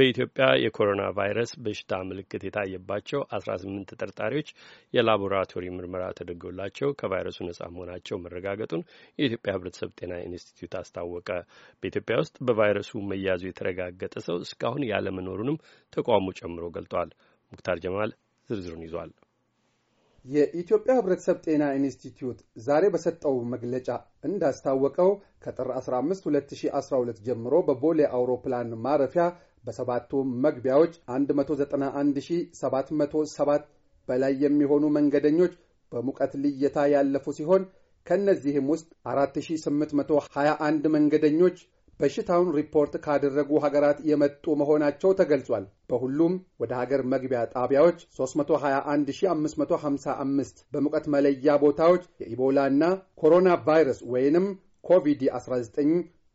በኢትዮጵያ የኮሮና ቫይረስ በሽታ ምልክት የታየባቸው አስራ ስምንት ተጠርጣሪዎች የላቦራቶሪ ምርመራ ተደርጎላቸው ከቫይረሱ ነጻ መሆናቸው መረጋገጡን የኢትዮጵያ ሕብረተሰብ ጤና ኢንስቲትዩት አስታወቀ። በኢትዮጵያ ውስጥ በቫይረሱ መያዙ የተረጋገጠ ሰው እስካሁን ያለመኖሩንም ተቋሙ ጨምሮ ገልጧል። ሙክታር ጀማል ዝርዝሩን ይዟል። የኢትዮጵያ ህብረተሰብ ጤና ኢንስቲትዩት ዛሬ በሰጠው መግለጫ እንዳስታወቀው ከጥር 15 2012 ጀምሮ በቦሌ አውሮፕላን ማረፊያ በሰባቱ መግቢያዎች 191707 በላይ የሚሆኑ መንገደኞች በሙቀት ልየታ ያለፉ ሲሆን ከእነዚህም ውስጥ 4821 መንገደኞች በሽታውን ሪፖርት ካደረጉ ሀገራት የመጡ መሆናቸው ተገልጿል። በሁሉም ወደ ሀገር መግቢያ ጣቢያዎች 321555 በሙቀት መለያ ቦታዎች የኢቦላና ኮሮና ቫይረስ ወይንም ኮቪድ-19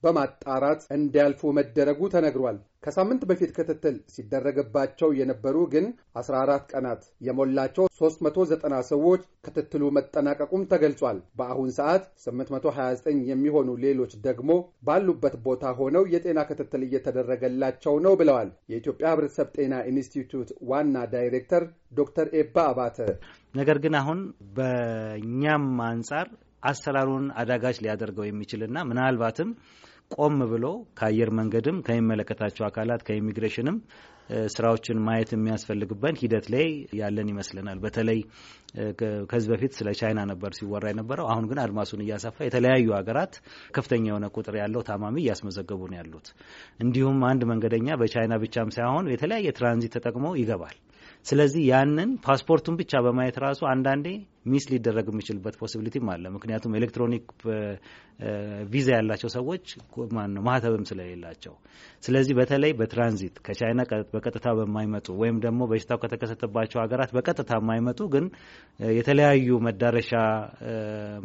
በማጣራት እንዲያልፉ መደረጉ ተነግሯል። ከሳምንት በፊት ክትትል ሲደረግባቸው የነበሩ ግን 14 ቀናት የሞላቸው 390 ሰዎች ክትትሉ መጠናቀቁም ተገልጿል። በአሁን ሰዓት 829 የሚሆኑ ሌሎች ደግሞ ባሉበት ቦታ ሆነው የጤና ክትትል እየተደረገላቸው ነው ብለዋል። የኢትዮጵያ ሕብረተሰብ ጤና ኢንስቲትዩት ዋና ዳይሬክተር ዶክተር ኤባ አባተ ነገር ግን አሁን በእኛም አንጻር አሰራሩን አዳጋች ሊያደርገው የሚችልና ምናልባትም ቆም ብሎ ከአየር መንገድም ከሚመለከታቸው አካላት ከኢሚግሬሽንም ስራዎችን ማየት የሚያስፈልግበን ሂደት ላይ ያለን ይመስለናል። በተለይ ከዚህ በፊት ስለ ቻይና ነበር ሲወራ የነበረው። አሁን ግን አድማሱን እያሰፋ የተለያዩ ሀገራት ከፍተኛ የሆነ ቁጥር ያለው ታማሚ እያስመዘገቡ ነው ያሉት። እንዲሁም አንድ መንገደኛ በቻይና ብቻም ሳይሆን የተለያየ ትራንዚት ተጠቅሞ ይገባል። ስለዚህ ያንን ፓስፖርቱን ብቻ በማየት ራሱ አንዳንዴ ሚስ ሊደረግ የሚችልበት ፖሲቢሊቲም አለ። ምክንያቱም ኤሌክትሮኒክ ቪዛ ያላቸው ሰዎች ማነው ማህተብም ስለሌላቸው፣ ስለዚህ በተለይ በትራንዚት ከቻይና በቀጥታ በማይመጡ ወይም ደግሞ በሽታው ከተከሰተባቸው ሀገራት በቀጥታ የማይመጡ ግን የተለያዩ መዳረሻ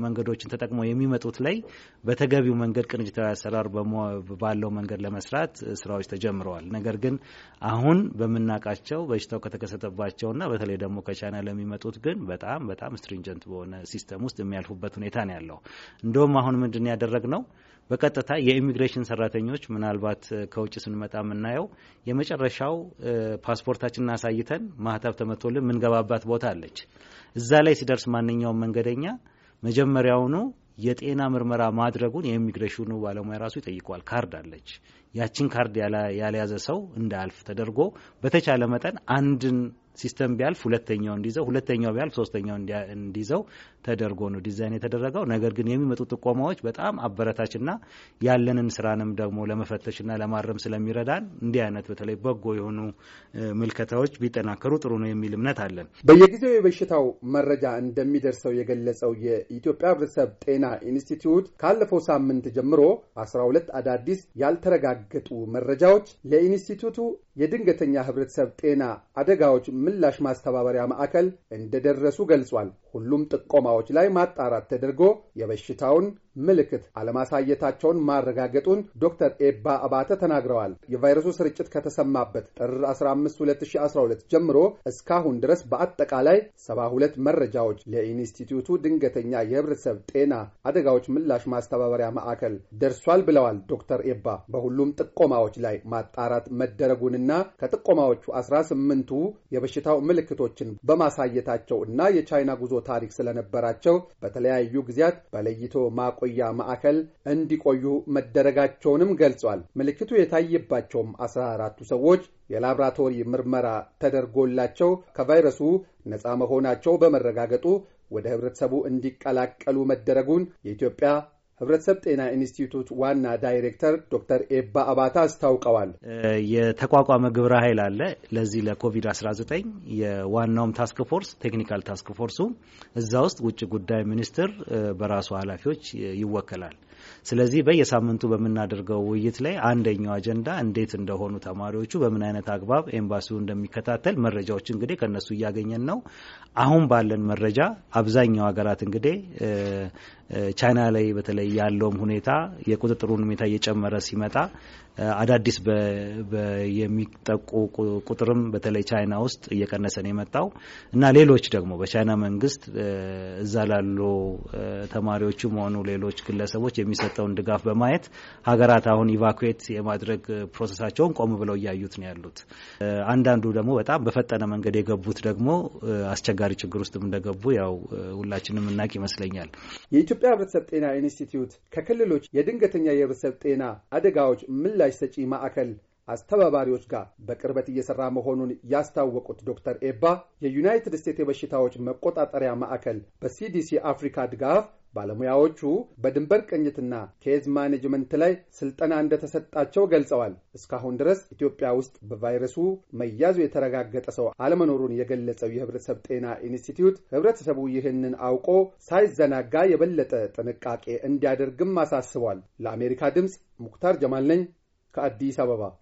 መንገዶችን ተጠቅመው የሚመጡት ላይ በተገቢው መንገድ ቅንጅታዊ አሰራር ባለው መንገድ ለመስራት ስራዎች ተጀምረዋል። ነገር ግን አሁን በምናውቃቸው በሽታው ከተከሰተባቸውና በተለይ ደግሞ ከቻይና ለሚመጡት ግን በጣም በጣም ስትሪንጀንት በሆነ ሲስተም ውስጥ የሚያልፉበት ሁኔታ ነው ያለው። እንደውም አሁን ምንድን ያደረግ ነው በቀጥታ የኢሚግሬሽን ሰራተኞች ምናልባት ከውጭ ስንመጣ የምናየው የመጨረሻው ፓስፖርታችንን አሳይተን ማህተብ ተመቶልን ምንገባባት ቦታ አለች። እዛ ላይ ሲደርስ ማንኛውም መንገደኛ መጀመሪያውኑ የጤና ምርመራ ማድረጉን የኢሚግሬሽኑ ባለሙያ ራሱ ይጠይቋል። ካርድ አለች። ያችን ካርድ ያልያዘ ሰው እንዳያልፍ ተደርጎ በተቻለ መጠን አንድን ሲስተም ቢያልፍ ሁለተኛው እንዲይዘው፣ ሁለተኛው ቢያልፍ ሶስተኛው እንዲይዘው ተደርጎ ነው ዲዛይን የተደረገው። ነገር ግን የሚመጡ ጥቆማዎች በጣም አበረታችና ያለንን ስራንም ደግሞ ለመፈተሽና ለማረም ስለሚረዳን እንዲህ አይነት በተለይ በጎ የሆኑ ምልከታዎች ቢጠናከሩ ጥሩ ነው የሚል እምነት አለን። በየጊዜው የበሽታው መረጃ እንደሚደርሰው የገለጸው የኢትዮጵያ ሕብረተሰብ ጤና ኢንስቲትዩት ካለፈው ሳምንት ጀምሮ 12 አዳዲስ ያልተረጋገጡ መረጃዎች ለኢንስቲትዩቱ የድንገተኛ ህብረተሰብ ጤና አደጋዎች ምላሽ ማስተባበሪያ ማዕከል እንደደረሱ ገልጿል። ሁሉም ጥቆማዎች ላይ ማጣራት ተደርጎ የበሽታውን ምልክት አለማሳየታቸውን ማረጋገጡን ዶክተር ኤባ አባተ ተናግረዋል። የቫይረሱ ስርጭት ከተሰማበት ጥር 15 2012 ጀምሮ እስካሁን ድረስ በአጠቃላይ 72 መረጃዎች ለኢንስቲትዩቱ ድንገተኛ የህብረተሰብ ጤና አደጋዎች ምላሽ ማስተባበሪያ ማዕከል ደርሷል ብለዋል ዶክተር ኤባ በሁሉም ጥቆማዎች ላይ ማጣራት መደረጉንና ከጥቆማዎቹ 18ቱ የበሽታው ምልክቶችን በማሳየታቸው እና የቻይና ጉዞ ታሪክ ስለነበራቸው በተለያዩ ጊዜያት በለይቶ ማቆ ማቆያ ማዕከል እንዲቆዩ መደረጋቸውንም ገልጿል። ምልክቱ የታየባቸውም አስራ አራቱ ሰዎች የላብራቶሪ ምርመራ ተደርጎላቸው ከቫይረሱ ነፃ መሆናቸው በመረጋገጡ ወደ ህብረተሰቡ እንዲቀላቀሉ መደረጉን የኢትዮጵያ ህብረተሰብ ጤና ኢንስቲትዩት ዋና ዳይሬክተር ዶክተር ኤባ አባታ አስታውቀዋል። የተቋቋመ ግብረ ኃይል አለ ለዚህ ለኮቪድ-19 የዋናውም ታስክ ፎርስ ቴክኒካል ታስክ ፎርሱ እዛ ውስጥ ውጭ ጉዳይ ሚኒስትር በራሱ ኃላፊዎች ይወከላል። ስለዚህ በየሳምንቱ በምናደርገው ውይይት ላይ አንደኛው አጀንዳ እንዴት እንደሆኑ ተማሪዎቹ በምን አይነት አግባብ ኤምባሲው እንደሚከታተል መረጃዎች እንግዲህ ከነሱ እያገኘን ነው። አሁን ባለን መረጃ አብዛኛው ሀገራት እንግዲህ ቻይና ላይ በተለይ ያለውም ሁኔታ የቁጥጥሩን ሁኔታ እየጨመረ ሲመጣ አዳዲስ የሚጠቁ ቁጥርም በተለይ ቻይና ውስጥ እየቀነሰ ነው የመጣው እና ሌሎች ደግሞ በቻይና መንግስት እዛ ላሉ ተማሪዎቹም ሆኑ ሌሎች ግለሰቦች የሚሰጠውን ድጋፍ በማየት ሀገራት አሁን ኢቫኩዌት የማድረግ ፕሮሰሳቸውን ቆም ብለው እያዩት ነው ያሉት። አንዳንዱ ደግሞ በጣም በፈጠነ መንገድ የገቡት ደግሞ አስቸጋሪ ችግር ውስጥም እንደገቡ ያው ሁላችንም እናቅ ይመስለኛል። የኢትዮጵያ ህብረተሰብ ጤና ኢንስቲትዩት ከክልሎች የድንገተኛ የህብረተሰብ ጤና አደጋዎች ምላሽ ሰጪ ማዕከል አስተባባሪዎች ጋር በቅርበት እየሰራ መሆኑን ያስታወቁት ዶክተር ኤባ የዩናይትድ ስቴትስ የበሽታዎች መቆጣጠሪያ ማዕከል በሲዲሲ አፍሪካ ድጋፍ ባለሙያዎቹ በድንበር ቅኝትና ኬዝ ማኔጅመንት ላይ ስልጠና እንደተሰጣቸው ገልጸዋል። እስካሁን ድረስ ኢትዮጵያ ውስጥ በቫይረሱ መያዙ የተረጋገጠ ሰው አለመኖሩን የገለጸው የህብረተሰብ ጤና ኢንስቲትዩት ህብረተሰቡ ይህንን አውቆ ሳይዘናጋ የበለጠ ጥንቃቄ እንዲያደርግም አሳስቧል። ለአሜሪካ ድምፅ ሙክታር ጀማል ነኝ ከአዲስ አበባ።